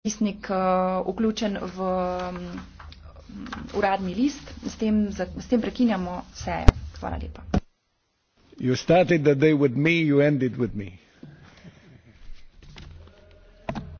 pisnik eh, vključen v mm, uradni list. S tem, s tem prekinjamo sejo. Hvala lepa. You started the day with me, you ended with me.